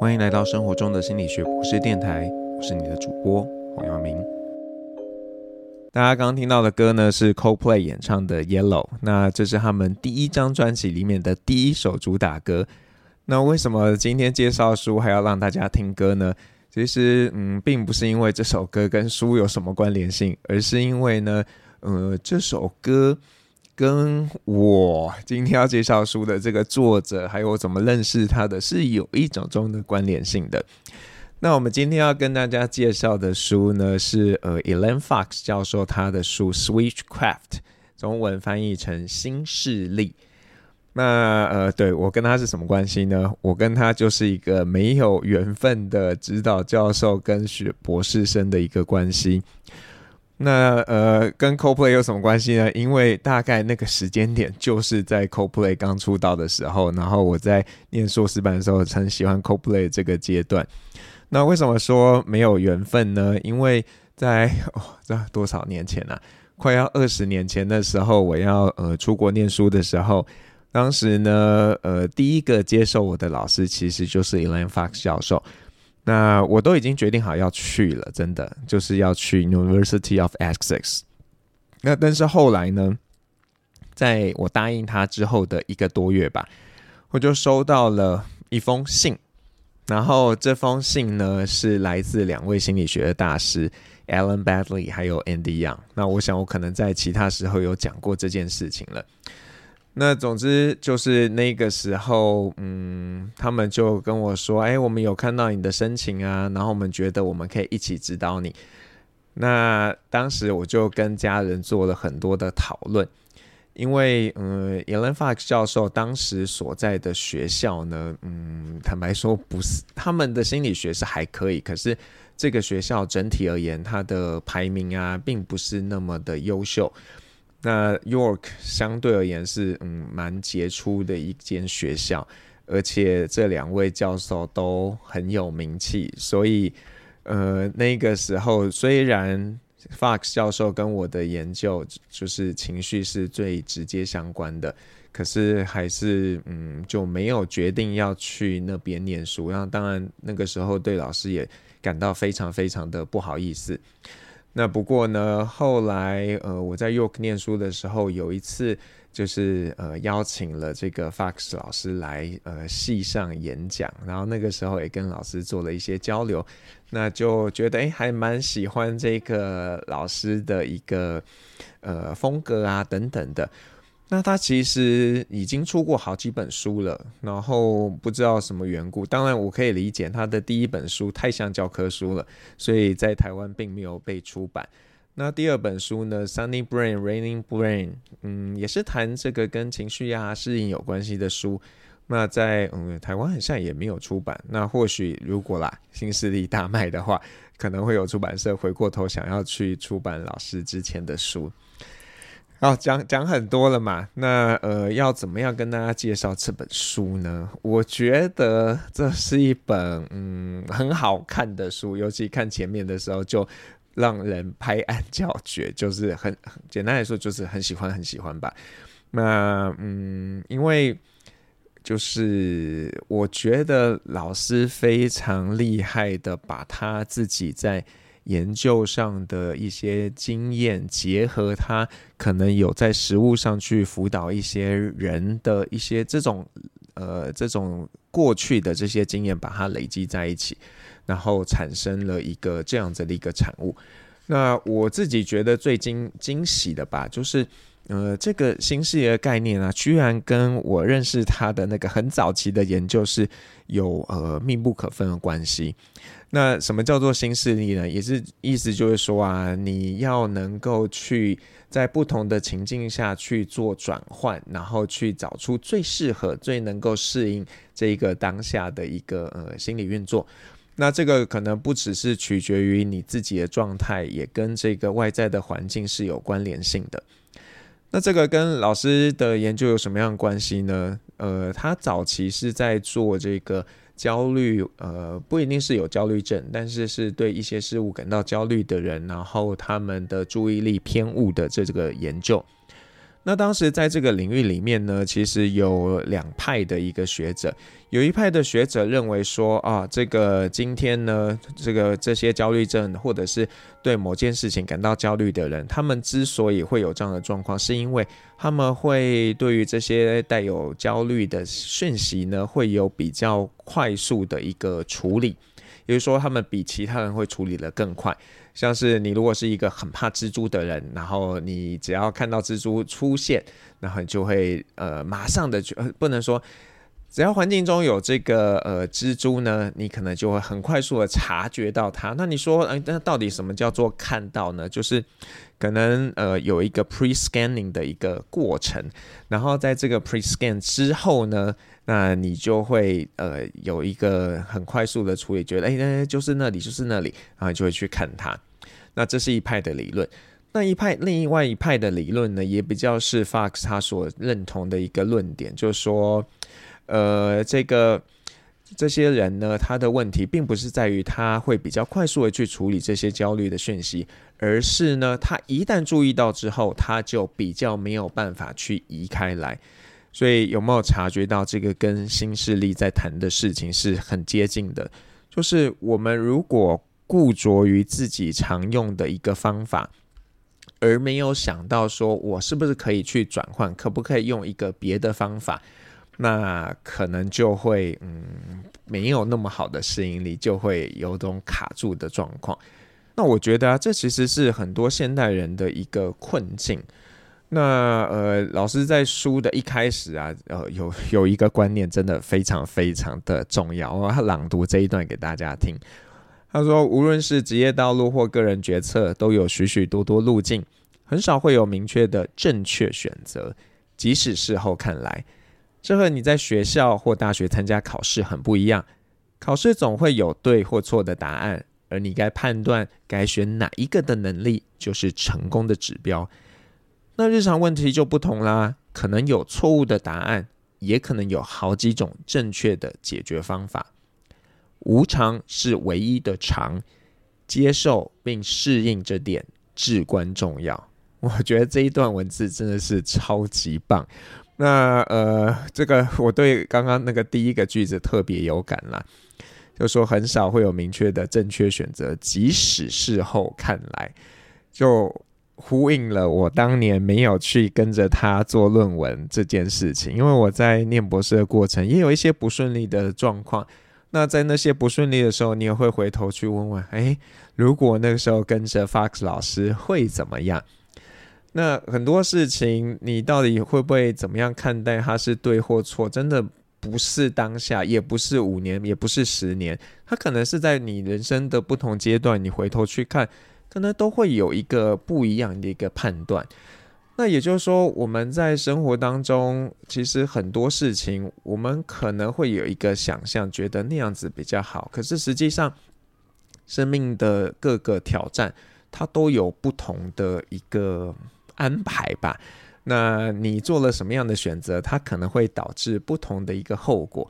歡迎來到生活中的心理學博士電台，我是你的主播黃耀明。大家剛剛聽到的歌呢，是 Coldplay 演唱的《Yellow》，那這是他們第一張專輯裡面的第一首主打歌。那為什麼今天介紹書還要讓大家聽歌呢？其實，嗯，並不是因為這首歌跟書有什麼關聯性，而是因為呢，呃，這首歌。跟我今天要介紹書的這個作者，還有我怎麼認識他的，是有一種中的關聯性的。那我們今天要跟大家介紹的書呢，是呃 Elaine Fox 教授他的書《Switchcraft》，中文翻譯成《心適力》。那呃，對，我跟他是什麼關係呢？我跟他就是一個沒有緣分的指導教授跟學博士生的一個關係。那呃，跟 Coldplay 有什麼關係呢？因為大概那個時間點就是在 Coldplay 剛出道的時候，然後我在念碩士班的時候很喜歡 Coldplay 這個階段。那為什麼說沒有緣分呢？因為在哦，在多少年前呢、啊，快要二十年前的時候，我要呃出國念書的時候，當時呢呃第一個接受我的老師其實就是 Elaine Fox 教授。那我都已經決定好要去了，真的就是要去 University of Essex。那但是後來呢，在我答應他之後的一個多月吧，我就收到了一封信。然後這封信呢，是來自兩位心理學的大師 Alan Baddeley 還有 Andy Young。那我想我可能在其他時候有講過這件事情了。那總之就是那個時候，嗯，他們就跟我說：“哎、欸，我們有看到你的申請啊，然後我們覺得我們可以一起指導你。那”那當時我就跟家人做了很多的討論，因為，嗯，Elaine Fox 教授當時所在的學校呢，嗯，坦白說不是他們的心理學是還可以，可是這個學校整體而言，它的排名啊，並不是那麼的優秀。那 York 相對而言是嗯蠻傑出的一間學校，而且這兩位教授都很有名氣，所以呃那個時候雖然 Fox 教授跟我的研究就是情緒是最直接相關的，可是還是嗯就沒有決定要去那邊念書，然後當然那個時候對老師也感到非常非常的不好意思。那不過呢，後來呃我在 York 念書的時候，有一次就是呃邀請了這個 Fox 老師來呃系上演講，然後那個時候也跟老師做了一些交流，那就覺得哎、欸、還蠻喜歡這個老師的一個呃風格啊等等的。那他其實已經出過好幾本書了，然後不知道什麼緣故，當然我可以理解他的第一本書太像教科書了，所以在台灣並沒有被出版。那第二本書呢，《Sunny Brain, Rainy Brain》，嗯，也是談這個跟情緒啊適應有關係的書，那在嗯台灣好像也沒有出版。那或許如果啦心適力大賣的話，可能會有出版社回過頭想要去出版老師之前的書。好，講講很多了嘛？那呃，要怎麼樣跟大家介紹這本書呢？我覺得這是一本嗯很好看的書，尤其看前面的時候就讓人拍案叫絕，就是很，很簡單來說就是很喜歡很喜歡吧。那嗯，因為就是我覺得老師非常厲害的，把他自己在。研究上的一些經驗，結合他可能有在實務上去輔導一些人的一些這種呃這種過去的這些經驗，把它累積在一起，然後產生了一個這樣子的一個產物。那我自己覺得最驚驚喜的吧，就是，呃，這個心適力的概念啊，居然跟我認識他的那個很早期的研究是有呃密不可分的關係。那什麼叫做心適力呢？也是意思就是說啊，你要能夠去在不同的情境下去做轉換，然後去找出最適合、最能夠適應這個當下的一個呃心理運作。那這個可能不只是取決於你自己的狀態，也跟這個外在的環境是有關聯性的。那這個跟老師的研究有什麼樣的關係呢？呃，他早期是在做這個焦慮，呃，不一定是有焦慮症，但是是對一些事物感到焦慮的人，然後他們的注意力偏誤的這這個研究。那當時在這個領域裡面呢，其實有兩派的一個學者，有一派的學者認為說啊，這個今天呢，這個這些焦慮症，或者是對某件事情感到焦慮的人，他們之所以會有這樣的狀況，是因為他們會對於這些帶有焦慮的訊息呢，會有比較快速的一個處理，也就是說，他們比其他人會處理得更快。像是你如果是一個很怕蜘蛛的人，然後你只要看到蜘蛛出現，然後你就會呃馬上的去、呃，不能說只要環境中有這個呃蜘蛛呢，你可能就會很快速的察覺到它。那你說，哎、呃，那到底什麼叫做看到呢？就是可能呃有一個 pre scanning 的一個過程，然後在這個 pre scan 之後呢，那你就會呃有一個很快速的處理，覺得哎，那、欸欸、就是那裡，就是那裡，然後你就會去看它。那這是一派的理論，那一派，另外一派的理論呢，也比較是 Fox 他所認同的一個論點，就是說，呃，這個這些人呢，他的問題並不是在於他會比較快速的去處理這些焦慮的訊息，而是呢，他一旦注意到之後，他就比較沒有辦法去移開來。所以有沒有察覺到這個跟心適力在談的事情是很接近的？就是我們如果。固着於自己常用的一個方法，而沒有想到說，我是不是可以去轉換，可不可以用一個別的方法？那可能就會嗯，沒有那麼好的適應力，就會有種卡住的狀況。那我覺得啊，這其實是很多現代人的一個困境。那呃，老師在書的一開始啊，呃，有有一個觀念真的非常非常的重要，我朗讀這一段給大家聽。他說：“無論是職業道路或個人決策，都有許許多多路徑，很少會有明確的正確選擇。即使事後看來，這和你在學校或大學參加考試很不一樣。考試總會有對或錯的答案，而你該判斷該選哪一個的能力，就是成功的指標。那日常問題就不同啦，可能有錯誤的答案，也可能有好幾種正確的解決方法。”無常是唯一的常，接受並適應這點至關重要。我覺得這一段文字真的是超級棒。那呃，這個我對剛剛那個第一個句子特別有感啦，就說很少會有明確的正確選擇，即使事後看來，就呼應了我當年沒有去跟着他做論文這件事情。因為我在念博士的過程也有一些不順利的狀況。那在那些不順利的時候，你也會回頭去問問：誒、欸，如果那個時候跟着 Fox 老師會怎麼樣？那很多事情，你到底會不會怎麼樣看待它是對或錯？真的不是當下，也不是五年，也不是十年，它可能是在你人生的不同階段，你回頭去看，可能都會有一個不一樣的一個判斷。那也就是說，我們在生活當中，其實很多事情，我們可能會有一個想象，覺得那樣子比較好。可是實際上，生命的各個挑戰，它都有不同的一個安排吧？那你做了什麼樣的選擇，它可能會導致不同的一個後果。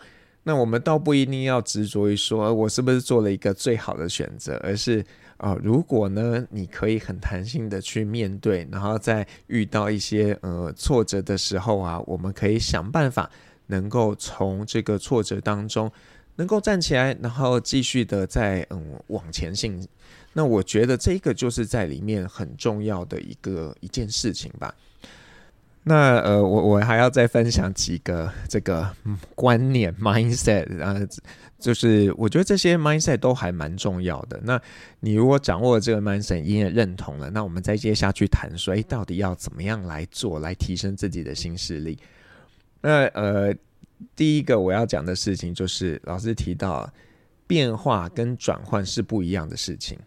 那我們倒不一定要執着於說，我是不是做了一個最好的選擇，而是啊、呃，如果呢，你可以很彈性的去面對，然後在遇到一些呃挫折的時候啊，我們可以想辦法能夠從這個挫折當中能夠站起來，然後繼續的再嗯、呃、往前進。那我覺得這個就是在裡面很重要的一個一件事情吧。那呃，我我還要再分享幾個這個觀念 mindset 啊、呃，就是我覺得這些 mindset 都還蠻重要的。那你如果掌握這個 mindset，你也認同了，那我們再接下去談說，哎、欸，到底要怎麼樣來做，來提升自己的心適力？那，呃，第一個我要講的事情就是，老師提到變化跟轉換是不一樣的事情。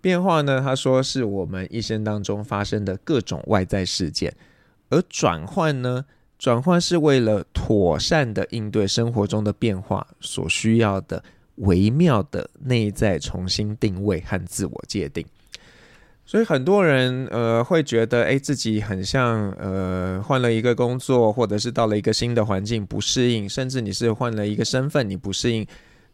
變化呢，他說是我們一生當中發生的各種外在事件。而轉換呢？轉換是為了妥善的應對生活中的變化所需要的微妙的內在重新定位和自我界定。所以很多人呃會覺得，哎、欸，自己很像呃換了一個工作，或者是到了一個新的環境不適應，甚至你是換了一個身份你不適應。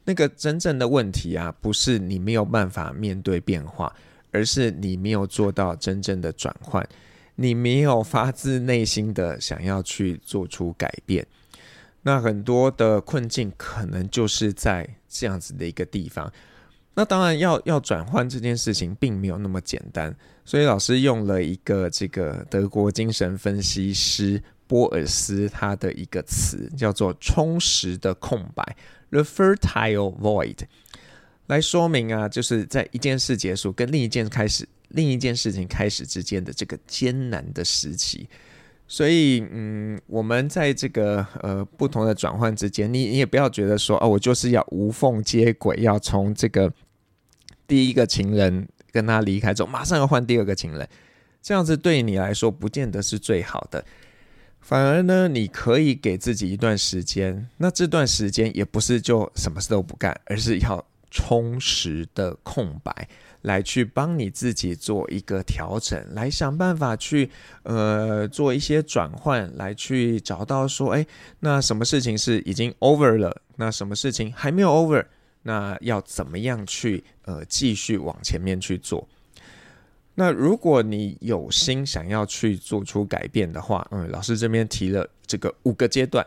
那個真正的問題啊，不是你沒有辦法面對變化，而是你沒有做到真正的轉換。你沒有發自內心的想要去做出改變，那很多的困境，可能就是在這樣子的一個地方。那當然要要轉換這件事情，並沒有那麼簡單。所以老師用了一個這個德國精神分析師波爾斯他的一個詞，叫做“充實的空白 ”（the fertile void），來說明啊，就是在一件事結束，跟另一件開始。另一件事情開始之間的這個艱難的時期，所以嗯，我們在這個呃不同的轉換之間，你你也不要覺得說哦，我就是要無縫接軌，要從這個第一個情人跟他離開之後，馬上要換第二個情人，這樣子對你來說不見得是最好的。反而呢，你可以給自己一段時間，那這段時間也不是就什麼事都不幹，而是要充實的空白。來去幫你自己做一個調整，來想辦法去呃做一些轉換，來去找到說，哎，那什麼事情是已經 over 了？那什麼事情還沒有 over？那要怎麼樣去呃繼續往前面去做？那如果你有心想要去做出改變的話，嗯，老師這邊提了這個五個階段，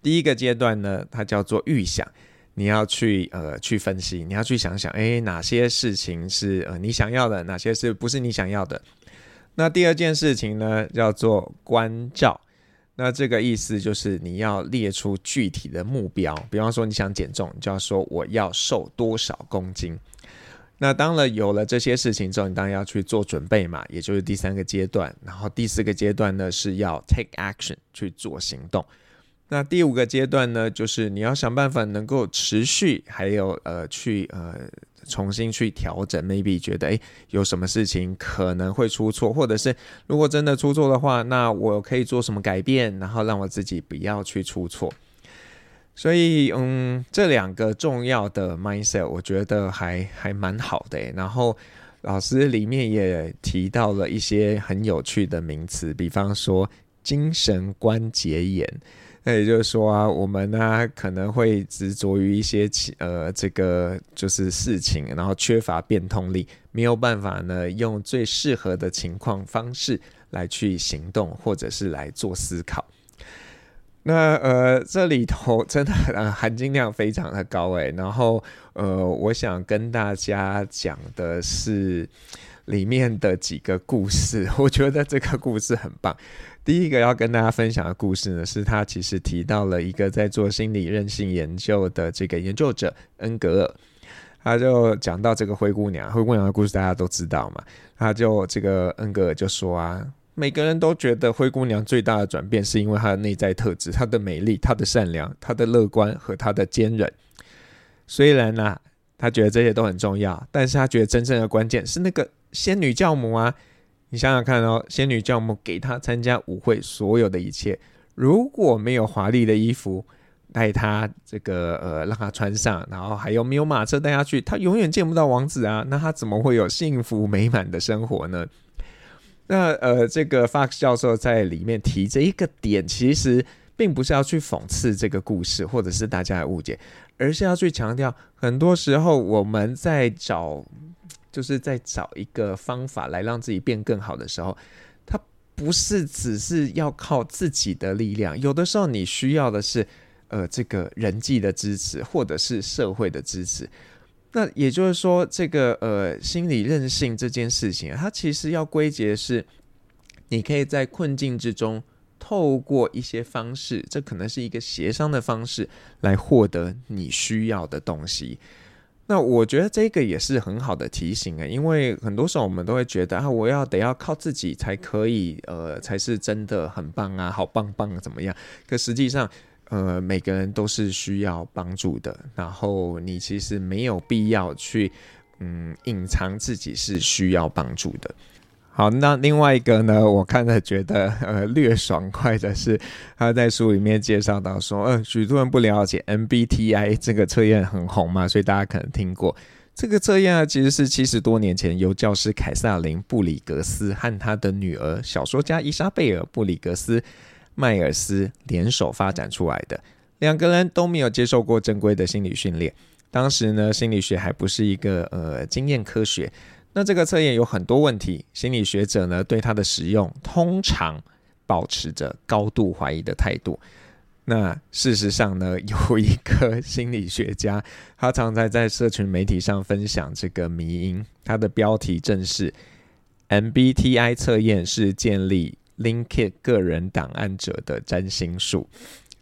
第一個階段呢，它叫做預想。你要去呃去分析，你要去想想，誒、欸，哪些事情是呃你想要的，哪些是不是你想要的？那第二件事情呢，叫做關照。那這個意思就是你要列出具體的目標，比方說你想減重，你就要說我要瘦多少公斤。那當了有了這些事情之後，你當然要去做準備嘛，也就是第三個階段。然後第四個階段呢，是要 take action 去做行動。那第五個階段呢，就是你要想辦法能夠持續，還有呃，去呃重新去調整，maybe 覺得哎有什麼事情可能會出錯，或者是如果真的出錯的話，那我可以做什麼改變，然後讓我自己不要去出錯。所以嗯，這兩個重要的 mindset 我覺得還還蠻好的。然後老師裡面也提到了一些很有趣的名詞，比方說精神關節炎。那也就是說啊，我們呢、啊、可能會執着於一些呃，這個就是事情，然後缺乏變通力，沒有辦法呢用最適合的情況方式來去行動或者是來做思考。那呃，這裡頭真的含金量非常的高誒、欸，然後呃，我想跟大家講的是。裡面的幾個故事，我覺得這個故事很棒。第一個要跟大家分享的故事呢，是他其實提到了一個在做心理韌性研究的這個研究者恩格爾，他就講到這個灰姑娘。灰姑娘的故事大家都知道嘛，他就這個恩格爾就說啊，每個人都覺得灰姑娘最大的轉變是因為她的內在特質，她的美麗、她的善良、她的樂觀和她的堅韌。雖然呢，啊，他覺得這些都很重要，但是他覺得真正的關鍵是那個。仙女教母啊，你想想看哦，仙女教母給她參加舞會所有的一切，如果沒有華麗的衣服帶她這個呃讓她穿上，然後還有沒有馬車帶她去，她永遠見不到王子啊，那她怎麼會有幸福美滿的生活呢？那呃，這個 Fox 教授在裡面提這一個點，其實並不是要去諷刺這個故事或者是大家的誤解，而是要去強調，很多時候我們在找。就是在找一個方法來讓自己變更好的時候，它不是只是要靠自己的力量，有的時候你需要的是呃這個人際的支持，或者是社會的支持。那也就是說，這個呃心理韌性這件事情，它其實要歸結的是，你可以在困境之中，透過一些方式，這可能是一個協商的方式，來獲得你需要的東西。那我覺得這個也是很好的提醒啊，因為很多時候我們都會覺得啊，我要得要靠自己才可以，呃，才是真的很棒啊，好棒棒怎麼樣？可實際上，呃，每個人都是需要幫助的，然後你其實沒有必要去，嗯，隱藏自己是需要幫助的。好，那另外一個呢？我看了覺得呃略爽快的是，他在書裡面介紹到說，嗯、呃，許多人不了解 MBTI 這個測驗很紅嘛，所以大家可能聽過這個測驗啊，其實是七十多年前由教師凱薩琳·布里格斯和他的女兒小說家伊莎貝爾布里格斯邁爾斯聯手發展出來的。兩個人都沒有接受過正規的心理訓練，當時呢，心理學還不是一個呃經驗科學。那這個測驗有很多問題，心理學者呢對它的使用通常保持着高度懷疑的態度。那事實上呢，有一個心理學家，他常在在社群媒體上分享這個迷因，他的標題正是 “MBTI 測驗是建立 LinkedIn 個人檔案者的占星術”。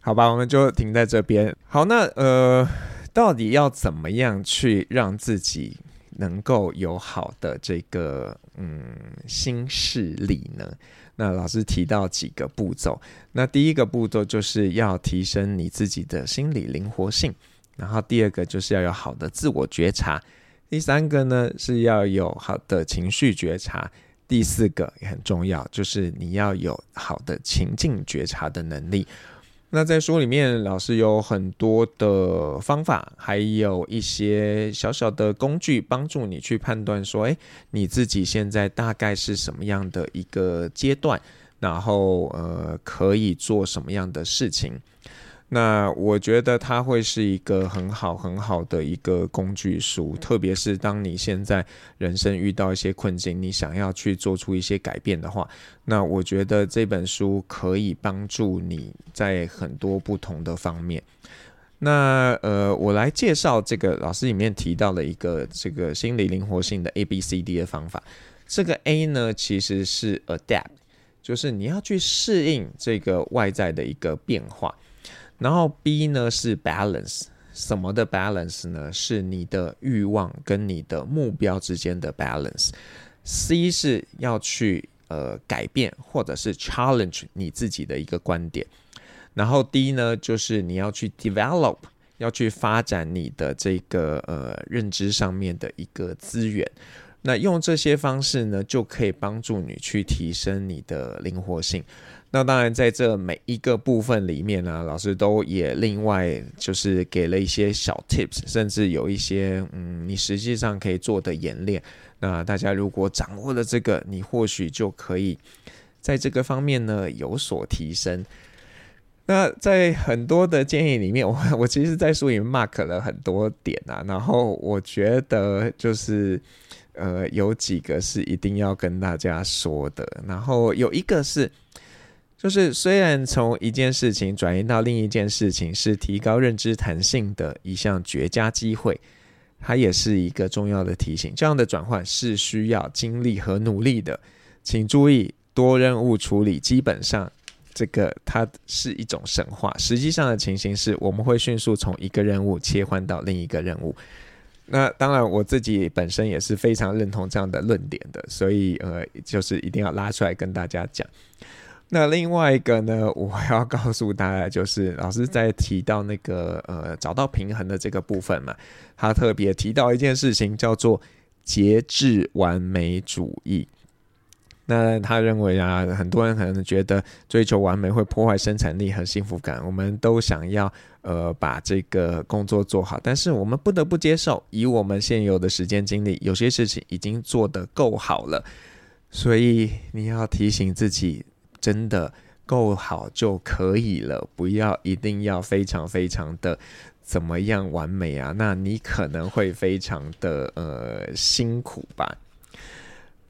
好吧，我們就停在這邊。好，那呃，到底要怎麼樣去讓自己？能夠有好的這個嗯心適力呢？那老師提到幾個步驟，那第一個步驟就是要提升你自己的心理靈活性，然後第二個就是要有好的自我覺察，第三個呢是要有好的情緒覺察，第四個也很重要，就是你要有好的情境覺察的能力。那在書裡面，老師有很多的方法，還有一些小小的工具，幫助你去判斷說，誒，你自己現在大概是什麼樣的一個階段，然後呃，可以做什麼樣的事情。那我覺得它會是一個很好很好的一個工具書，特別是當你現在人生遇到一些困境，你想要去做出一些改變的話，那我覺得這本書可以幫助你在很多不同的方面。那呃，我來介紹這個老師裡面提到的一個這個心理靈活性的 ABCD 的方法。這個 A 呢，其實是 Adapt，就是你要去適應這個外在的一個變化。然後 B 呢是 balance，什麼的 balance 呢？是你的欲望跟你的目標之間的 balance。C 是要去呃改變或者是 challenge 你自己的一個觀點。然後 D 呢就是你要去 develop，要去發展你的這個呃認知上面的一個資源。那用這些方式呢，就可以幫助你去提升你的靈活性。那當然，在這每一個部分裡面呢、啊，老師都也另外就是給了一些小 tips，甚至有一些嗯，你實際上可以做的演練。那大家如果掌握了這個，你或許就可以在這個方面呢有所提升。那在很多的建議裡面，我我其實在書裡面 mark 了很多點啊，然後我覺得就是。呃，有幾個是一定要跟大家說的。然後有一個是，就是雖然從一件事情轉移到另一件事情是提高認知彈性的一項絕佳機會，它也是一個重要的提醒。這樣的轉換是需要精力和努力的。請注意，多任務處理基本上這個它是一種神話。實際上的情形是，我們會迅速從一個任務切換到另一個任務。那當然，我自己本身也是非常認同這樣的論點的，所以呃，就是一定要拉出來跟大家講。那另外一個呢，我要告訴大家，就是老師在提到那個呃找到平衡的這個部分嘛，他特別提到一件事情，叫做節制完美主義。那他認為啊，很多人可能覺得追求完美會破壞生產力和幸福感。我們都想要呃把這個工作做好，但是我們不得不接受，以我們現有的時間精力，有些事情已經做得夠好了。所以你要提醒自己，真的夠好就可以了，不要一定要非常非常的怎麼樣完美啊。那你可能會非常的呃辛苦吧。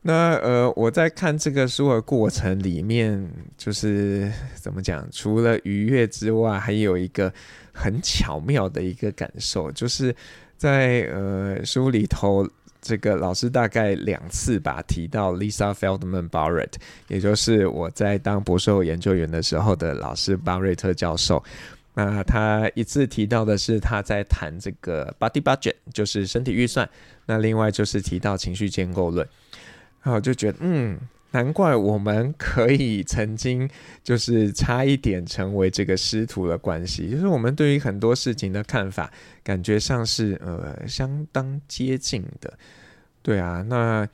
那呃，我在看這個書的過程裡面，就是怎麼講？除了愉悅之外，還有一個很巧妙的一個感受，就是在呃書裡頭，這個老師大概兩次吧提到 Lisa Feldman Barrett，也就是我在當博士後研究員的時候的老師巴瑞特教授。那他一次提到的是他在談這個 body budget，就是身體預算；那另外就是提到情緒建構論。然後就覺得，嗯，難怪我們可以曾經就是差一點成為這個師徒的關係，就是我們對於很多事情的看法，感覺像是呃相當接近的。對啊，那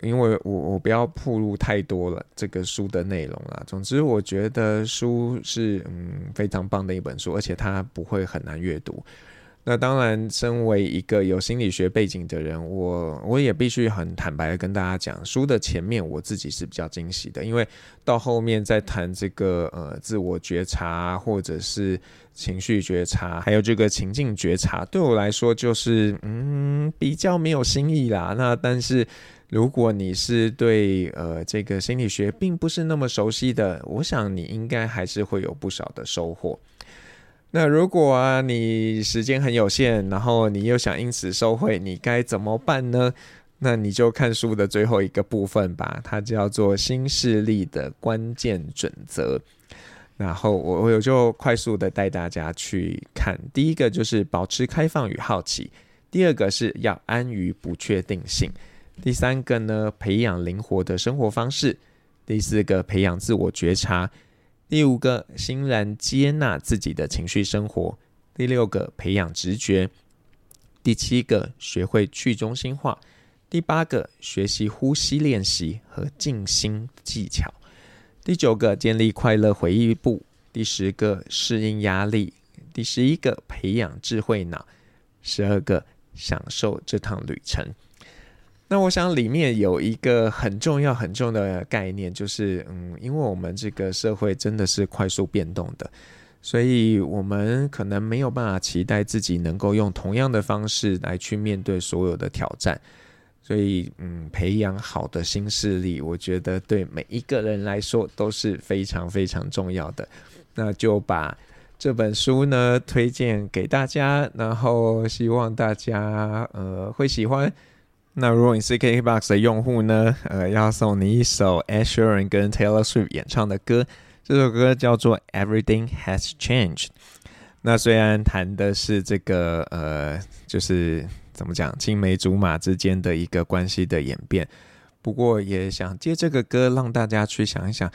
因為我我不要曝露太多了這個書的內容啦。總之，我覺得書是嗯非常棒的一本書，而且它不會很難閱讀。那當然，身為一個有心理學背景的人，我我也必須很坦白的跟大家講，書的前面我自己是比較驚喜的，因為到後面再談這個呃自我覺察，或者是情緒覺察，還有這個情境覺察，對我來說就是嗯比較沒有新意啦。那但是如果你是對呃這個心理學並不是那麼熟悉的，我想你應該還是會有不少的收穫。那如果啊你時間很有限，然後你又想因此受惠，你該怎麼辦呢？那你就看書的最後一個部分吧，它叫做心適力的關鍵準則。然後我我就快速的帶大家去看，第一個就是保持開放與好奇，第二個是要安於不確定性，第三個呢，培養靈活的生活方式，第四個培養自我覺察。第五個，欣然接納自己的情緒生活；第六個，培養直覺；第七個，學會去中心化；第八個，學習呼吸練習和靜心技巧；第九個，建立快樂回憶簿；第十個，適應壓力；第十一個，培養智慧腦；十二個，享受這趟旅程。那我想裡面有一個很重要很重要的概念，就是嗯，因為我們這個社會真的是快速變動的，所以我們可能沒有辦法期待自己能夠用同樣的方式來去面對所有的挑戰，所以嗯，培養好的心適力，我覺得對每一個人來說都是非常非常重要的。那就把這本書呢，推薦給大家，然後希望大家呃會喜歡。那如果你是 KKBOX 的用戶呢？呃，要送你一首 Ed Sheeran 跟 Taylor Swift 演唱的歌，這首歌叫做《Everything Has Changed》。那雖然談的是這個呃，就是怎麼講，青梅竹馬之間的一個關係的演變，不過也想借這個歌讓大家去想一想。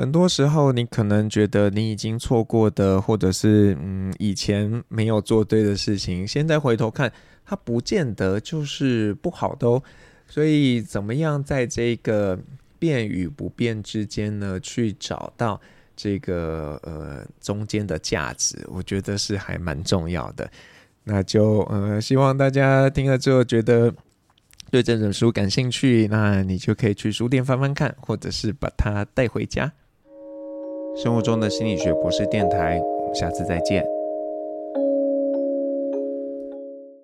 很多時候，你可能覺得你已經錯過的，或者是嗯以前沒有做對的事情，現在回頭看，它不見得就是不好的哦。所以，怎麼樣在這個變與不變之間呢，去找到這個呃中間的價值，我覺得是還蠻重要的。那就呃希望大家聽了之後覺得對這本書感興趣，那你就可以去書店翻翻看，或者是把它帶回家。生活中的心理學博士電台。我們下次再見。